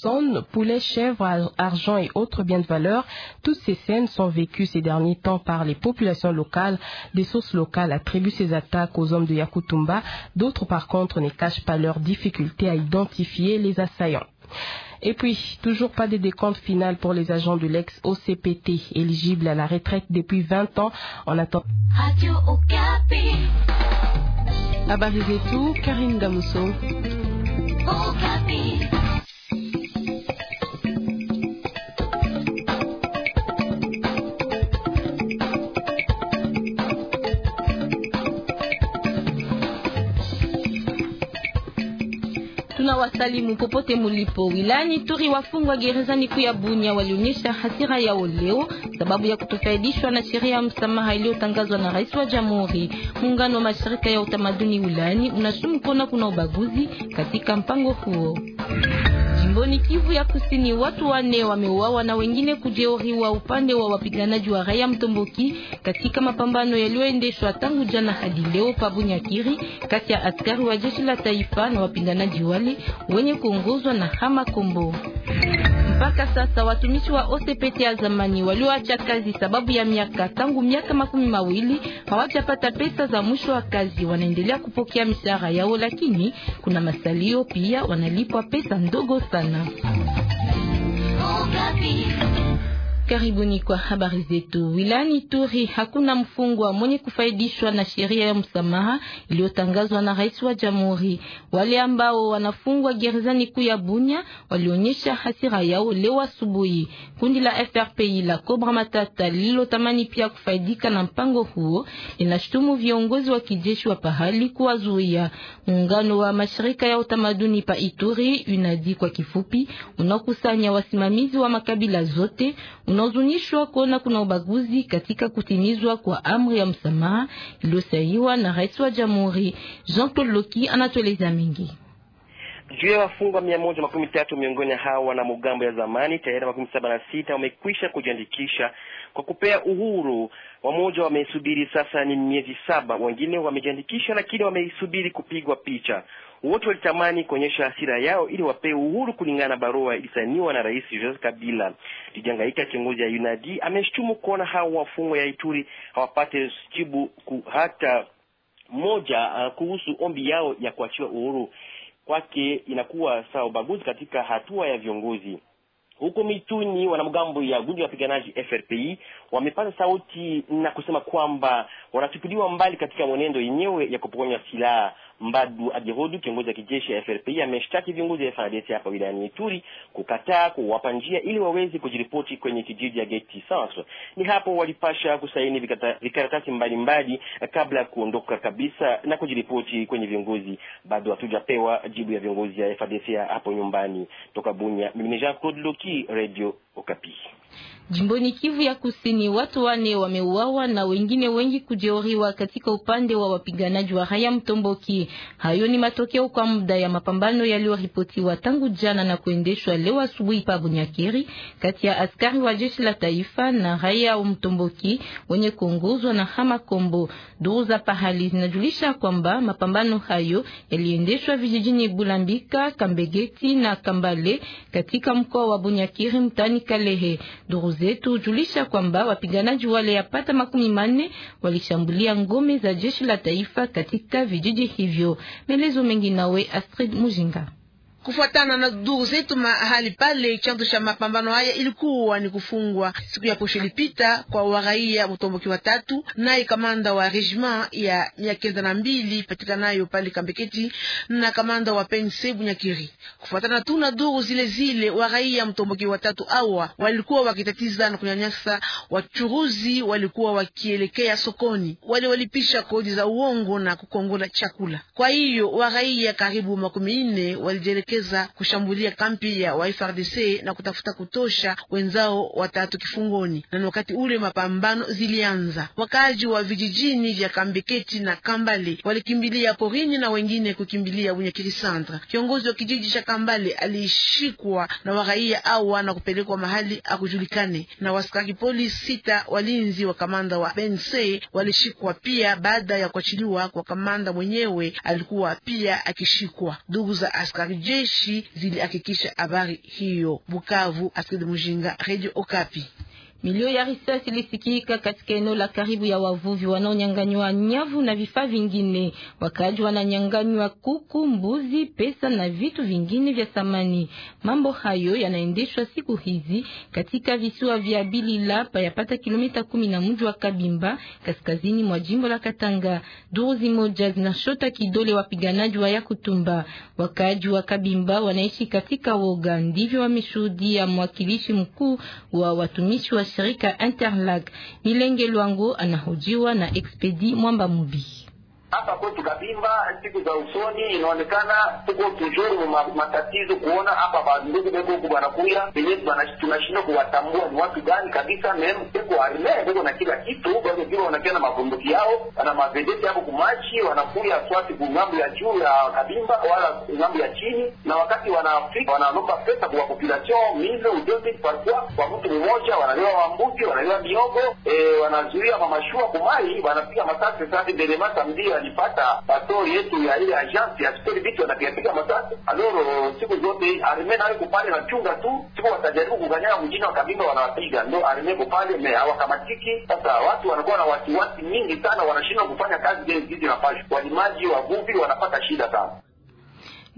personnes, poulets, chèvres, argent et autres biens de valeur. Toutes ces scènes sont vécues ces derniers temps par les populations locales. Des sources locales attribuent ces attaques aux hommes de Yakutumba. D'autres, par contre, ne cachent pas leur difficulté à identifier les assaillants. Et puis, toujours pas de décompte final pour les agents de l'ex-OCPT, éligibles à la retraite depuis 20 ans. On attend. Radio Okapi. Karine Okapi. wasalimu popote mulipo. Wilani Turi, wafungwa gerezani kuu ya Bunia walionyesha hasira yao leo sababu ya kutofaidishwa na sheria ya msamaha iliyotangazwa na rais wa jamhuri. Muungano wa mashirika ya utamaduni wilani unashumu kuona kuna ubaguzi katika mpango huo. Jimboni Kivu ya Kusini, watu wane wameuawa na wengine kujeruhiwa upande wa wapiganaji wa Raya Mtomboki katika mapambano yaliyoendeshwa tangu jana hadi leo pabunyakiri kati ya askari wa jeshi la taifa na wapiganaji wale wenye kuongozwa na Hama Kombo. Mpaka sasa watumishi wa OCPT ya zamani walioacha kazi sababu ya miaka tangu miaka makumi mawili hawajapata pesa za mwisho wa kazi. Wanaendelea kupokea mishahara yao, lakini kuna masalio pia, wanalipwa pesa ndogo sana sana. Oh, Karibuni kwa habari zetu. Wilani Turi hakuna mfungwa mwenye kufaidishwa na sheria ya msamaha iliyotangazwa na rais wa jamhuri. Wale ambao wanafungwa gerezani kuu ya Bunya walionyesha hasira yao leo asubuhi. Kundi la FRPI la Cobra Matata lililotamani pia kufaidika na mpango huo linashutumu viongozi wa kijeshi wa pahali kuwazuia. Muungano wa mashirika ya utamaduni pa Ituri, UNADI kwa kifupi, unakusanya wasimamizi wa makabila zote una tunahuzunishwa kuona kuna ubaguzi katika kutimizwa kwa amri ya msamaha iliyosainiwa na rais wa jamhuri. Jean Claude Loki anatueleza mengi juu ya wafungwa mia moja makumi tatu miongoni hawa wana mugambo ya zamani tayari makumi saba na sita wamekwisha kujiandikisha kwa kupea uhuru. Wamoja wamesubiri sasa ni miezi saba, wengine wamejiandikisha lakini wameisubiri kupigwa picha. Wote walitamani kuonyesha hasira yao ili wapewe uhuru kulingana na barua ilisainiwa na Rais Joseph Kabila. Lijangaika, kiongozi ya UNAD, ameshtumu kuona hao wafungwa ya Ituri hawapate jibu hata moja uh, kuhusu ombi yao ya kuachiwa uhuru kwake inakuwa sawa ubaguzi katika hatua ya viongozi. Huko mituni, wanamgambo ya gundi ya wapiganaji FRPI wamepata sauti na kusema kwamba wanatupiliwa mbali katika mwenendo yenyewe ya kupokonywa silaha. Mbadu Ajehodu, kiongozi wa kijeshi ya FRPI, ameshtaki viongozi wa FARDC hapa wilayani Ituri kukataa kuwapa njia ili waweze kujiripoti kwenye kijiji ya Geti Centre. Ni hapo walipasha kusaini vikaratasi mbalimbali kabla ya kuondoka kabisa na kujiripoti kwenye viongozi. Bado hatujapewa jibu ya viongozi ya FARDC hapo nyumbani. Toka Bunya, mimi ni Jean Claude Loki, Radio Okapi. Jimboni Kivu ya Kusini, watu wane wameuawa na wengine wengi kujeruhiwa katika upande wa wapiganaji wa Raia Mtomboki. Hayo ni matokeo kwa muda ya mapambano yaliyoripotiwa tangu jana na kuendeshwa leo asubuhi pa Bunyakiri kati ya askari wa jeshi la taifa na Raia Mtomboki wenye kuongozwa na Hama Kombo. Duru za pahali zinajulisha kwamba mapambano hayo yaliendeshwa vijijini Bulambika, Kambegeti na Kambale katika mkoa wa Bunyakiri mtani Kalehe. Duru zetu hujulisha kwamba wapiganaji wale yapata makumi manne walishambulia ngome za jeshi la taifa katika vijiji hivyo. Maelezo mengi nawe Astrid Mujinga. Kufuatana na duru zetu mahali pale, chanzo cha mapambano haya ilikuwa ni kufungwa siku ya posho ilipita kwa waraia mtomboki watatu, naye kamanda wa regiment ya miakenda na mbili patikanayo pale Kambeketi na kamanda wa pense Bunyakiri. Kufuatana tu na duru zile zile, waraia mtomboki watatu awa walikuwa wakitatiza na kunyanyasa wachuruzi walikuwa wakielekea sokoni, wale walipisha kodi za uongo na kukongola chakula. Kwa hiyo waraia karibu makumi nne walijele kujielekeza kushambulia kampi ya wa FARDC na kutafuta kutosha wenzao watatu kifungoni, na wakati ule mapambano zilianza, wakaji wa vijijini vya Kambeketi na Kambale walikimbilia porini na wengine kukimbilia Bunyakiri Centre. Kiongozi wa kijiji cha Kambale alishikwa na waraia awa na kupelekwa mahali akujulikane, na waskari polisi sita walinzi wa kamanda wa Bense walishikwa pia. Baada ya kuachiliwa kwa kamanda mwenyewe alikuwa pia akishikwa ndugu za askari jeshi zilihakikisha habari hiyo. Bukavu, Astrid Mujinga, Radio Okapi. Milio ya risasi ilisikika katika eneo la karibu ya wavuvi wanaonyanganywa nyavu na vifaa vingine. Wakaaji wananyanganywa kuku, mbuzi, pesa na vitu vingine vya thamani. Mambo hayo yanaendeshwa siku hizi katika visiwa vya Bilila payapata kilomita kumi na mji wa Kabimba kaskazini mwa jimbo la Katanga. Duru moja zinashota kidole wapiganaji wa Yakutumba. Wakaaji wa Kabimba wanaishi katika woga, ndivyo wameshuhudia mwakilishi mkuu wa watumishi wa shirika Interlag. milenge Lwango anahojiwa na Expedi Mwamba Mubi hapa kwetu Kabimba, siku za usoni inaonekana tuko tujuru matatizo kuona hapa bandugu beko huku banakuya venye tunashindwa kuwatambua ni watu gani kabisa. mem beko arme beko na kila kitu beko juu wanakia na mabunduki yao na mavedeti hapo kumachi wanakuya swati kungambo ya juu ya Kabimba wala ngambo ya chini, na wakati wanaafrika wanalomba pesa kwa population mizo ujozi parkwa kwa mtu mmoja, wanalewa wambuzi wanalewa miogo e, wanazuia mamashua kumai wanapiga masasi sasa ndelemata mdia anajipata patoli yetu ya ile ajansi asipeli vitu anapiapiga masasi aloro siku zote arme nayo kupale chunga tu, siku watajaribu kuganyana mjini kabimba wanawapiga, ndo arme kupale me hawakamatiki. Sasa watu wanakuwa na wasiwasi mingi sana, wanashindwa kufanya kazi zile zizi napasha. Walimaji wavuvi wanapata shida sana.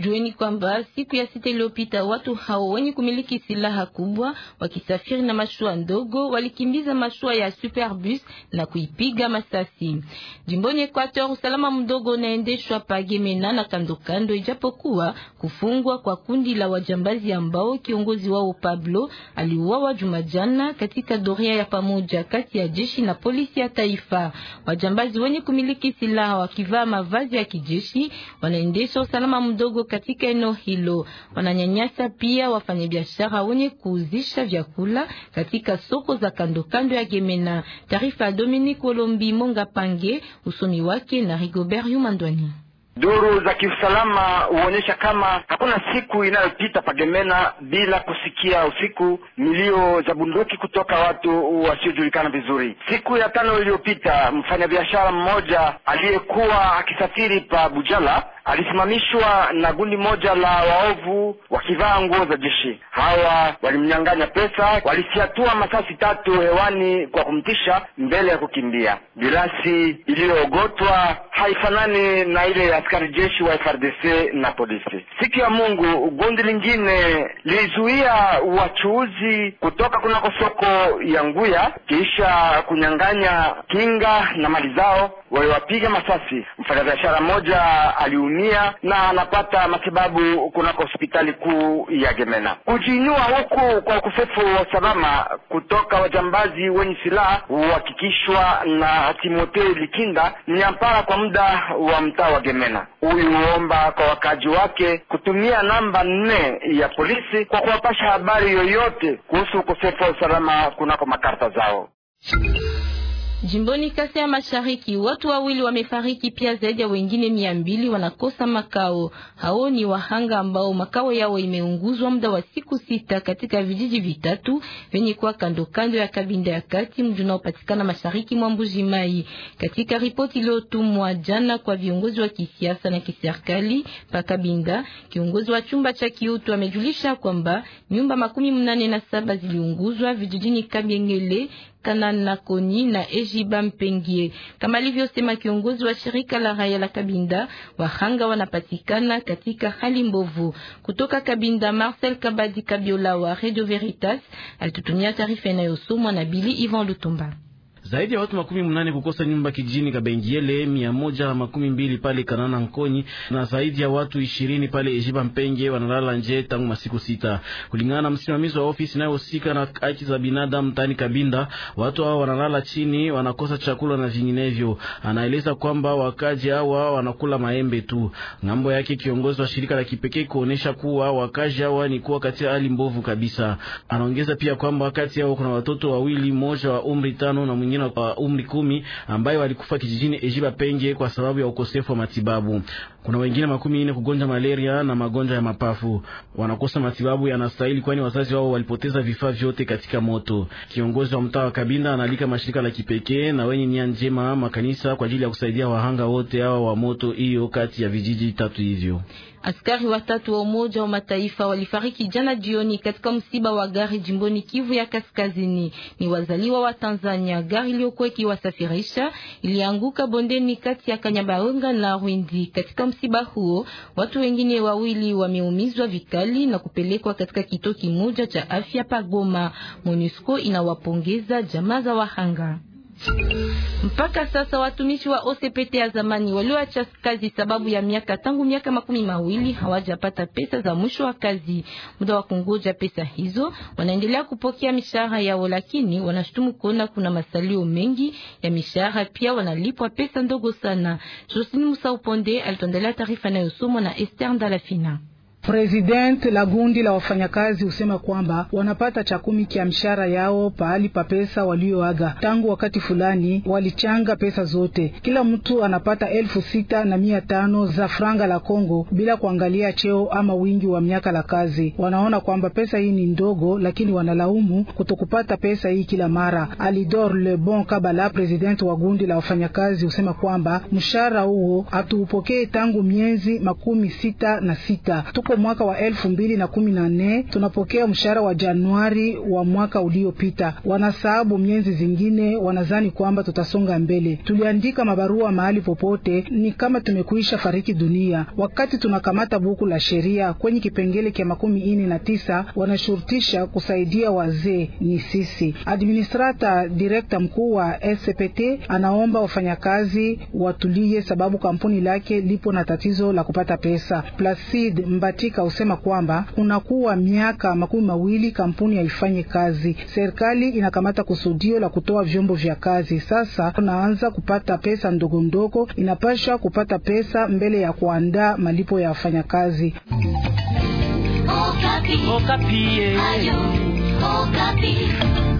Jueni kwamba siku ya sita iliyopita watu hao wenye kumiliki silaha kubwa wakisafiri na mashua ndogo walikimbiza mashua ya Superbus na kuipiga masasi. Jimboni Equateur, usalama mdogo unaendeshwa pagemena na kandokando, ijapokuwa kufungwa kwa kundi la wajambazi ambao kiongozi wao Pablo aliuawa Jumajana katika doria ya pamoja kati ya jeshi na polisi ya taifa. Wajambazi wenye kumiliki silaha wakivaa mavazi ya kijeshi wanaendesha usalama mdogo katika eneo hilo. Wananyanyasa pia wafanyabiashara wenye kuuzisha vyakula katika soko za kando kando ya Gemena. Taarifa ya Dominique Olombi Monga Pange, usomi wake na Rigobert Yumandwani. Duru za kiusalama huonyesha kama hakuna siku inayopita pagemena bila kusikia usiku milio za bunduki kutoka watu wasiojulikana vizuri. Siku ya tano iliyopita, mfanyabiashara mmoja aliyekuwa akisafiri pa Bujala alisimamishwa na gundi moja la waovu wakivaa nguo za jeshi. Hawa walimnyang'anya pesa, walifyatua masasi tatu hewani kwa kumtisha mbele ya kukimbia. bilasi iliyoogotwa haifanani na ile ya askari jeshi wa FRDC na polisi. Siku ya Mungu, gundi lingine lilizuia wachuuzi kutoka kunako soko ya Nguya kisha kunyang'anya kinga na mali zao. Waliwapiga masasi, mfanyabiashara mmoja aliumia anaumia na anapata matibabu kunako hospitali kuu ya Gemena. Kujinyua huku kwa ukosefu wa usalama kutoka wajambazi wenye silaha huhakikishwa na Timotheo Likinda, mnyampara kwa muda wa mtaa wa Gemena. Huyu huomba kwa wakaji wake kutumia namba nne ya polisi kwa kuwapasha habari yoyote kuhusu ukosefu wa usalama kunako makarta zao. Jimboni Kasai ya Mashariki watu wawili wamefariki, pia zaidi ya wengine mia mbili wanakosa makao. Hao ni wahanga ambao makao yao imeunguzwa muda wa siku sita katika vijiji vitatu vyenye kuwa kando kando ya Kabinda ya kati, mji unaopatikana mashariki mwa mbuji Katika ripoti iliyotumwa jana kwa viongozi wa kisiasa na kiserikali pa Kabinda, kiongozi wa chumba cha kiutu amejulisha kwamba nyumba makumi mnane na saba ziliunguzwa vijijini Kabengele kupatikana na na Ejiba Mpengie. Kama alivyosema kiongozi wa shirika la raia la Kabinda, wahanga wanapatikana katika hali mbovu. Kutoka Kabinda, Marcel Kabadi Kabiola wa Radio Veritas alitutumia taarifa inayosomwa na Bili Ivan Lutumba. Zaidi ya watu makumi mnane kukosa nyumba kijini Kabengiele, mia moja makumi mbili pale Kanana Nkonyi na zaidi ya watu ishirini pale Ejiba Mpenge wanalala nje tangu masiku sita, kulingana na msimamizi wa ofisi inayohusika na haki za binadamu tani Kabinda. Watu hao wanalala chini, wanakosa chakula na vinginevyo. Anaeleza kwamba wakaji hawa wanakula maembe tu. Ngambo yake kiongozi wa shirika la kipekee kuonesha kuwa wakaji hawa ni kuwa katika hali mbovu kabisa. Anaongeza pia kwamba wakati hao kuna watoto wawili, mmoja wa umri tano na mwingine wa umri kumi ambayo walikufa kijijini Ejiba Penge kwa sababu ya ukosefu wa matibabu. Kuna wengine makumi nne kugonja malaria na magonjwa ya mapafu, wanakosa matibabu yanastahili, kwani wazazi wao walipoteza vifaa vyote katika moto. Kiongozi wa mtaa wa Kabinda analika mashirika la kipekee na wenye nia njema makanisa kwa ajili ya kusaidia wahanga wote hawa wa moto hiyo kati ya vijiji tatu hivyo. Askari watatu wa Umoja wa Mataifa walifariki jana jioni katika msiba wa gari jimboni Kivu ya Kaskazini. Ni wazaliwa wa Tanzania. Gari iliyokuwa ikiwasafirisha ilianguka bondeni kati ya Kanyabayonga na Rwindi katika msiba huo, watu wengine wawili wameumizwa vikali na kupelekwa katika kituo kimoja cha afya pa Goma. MONUSCO inawapongeza jamaa za wahanga. Mpaka sasa watumishi wa OCPT ya zamani walioacha kazi sababu ya miaka tangu miaka makumi mawili hawajapata pesa za mwisho wa kazi. Muda wa kungoja pesa hizo, wanaendelea kupokea mishahara yao, lakini wanashutumu kuona kuna masalio mengi ya mishahara, pia wanalipwa pesa ndogo sana. Josine Musa Uponde alituandalia taarifa inayosomwa na Esther Ndalafina. President la gundi la wafanyakazi husema kwamba wanapata chakumi kia mshara yao pahali pa pesa walioaga. Tangu wakati fulani walichanga pesa zote, kila mtu anapata elfu sita na mia tano za franga la Kongo bila kuangalia cheo ama wingi wa miaka la kazi. Wanaona kwamba pesa hii ni ndogo, lakini wanalaumu kutokupata pesa hii kila mara. Alidor le bon Kabala, president wa gundi la wafanyakazi, husema kwamba mshara huo hatuupokee tangu miezi makumi sita na sita Tuko kunako mwaka wa elfu mbili na kumi na nne tunapokea mshahara wa Januari wa mwaka uliopita. wanasaabu mienzi zingine, wanazani kwamba tutasonga mbele. Tuliandika mabarua mahali popote, ni kama tumekuisha fariki dunia. Wakati tunakamata buku la sheria kwenye kipengele cha makumi ine na tisa wanashurutisha kusaidia wazee ni sisi. Administrata direkta mkuu wa SPT anaomba wafanyakazi watulie, sababu kampuni lake lipo na tatizo la kupata pesa. Placid Mbati katika husema kwamba kunakuwa miaka makumi mawili kampuni haifanye kazi. Serikali inakamata kusudio la kutoa vyombo vya kazi, sasa tunaanza kupata pesa ndogo ndogo, inapasha kupata pesa mbele ya kuandaa malipo ya wafanyakazi. Okapi. Okapi. Eh.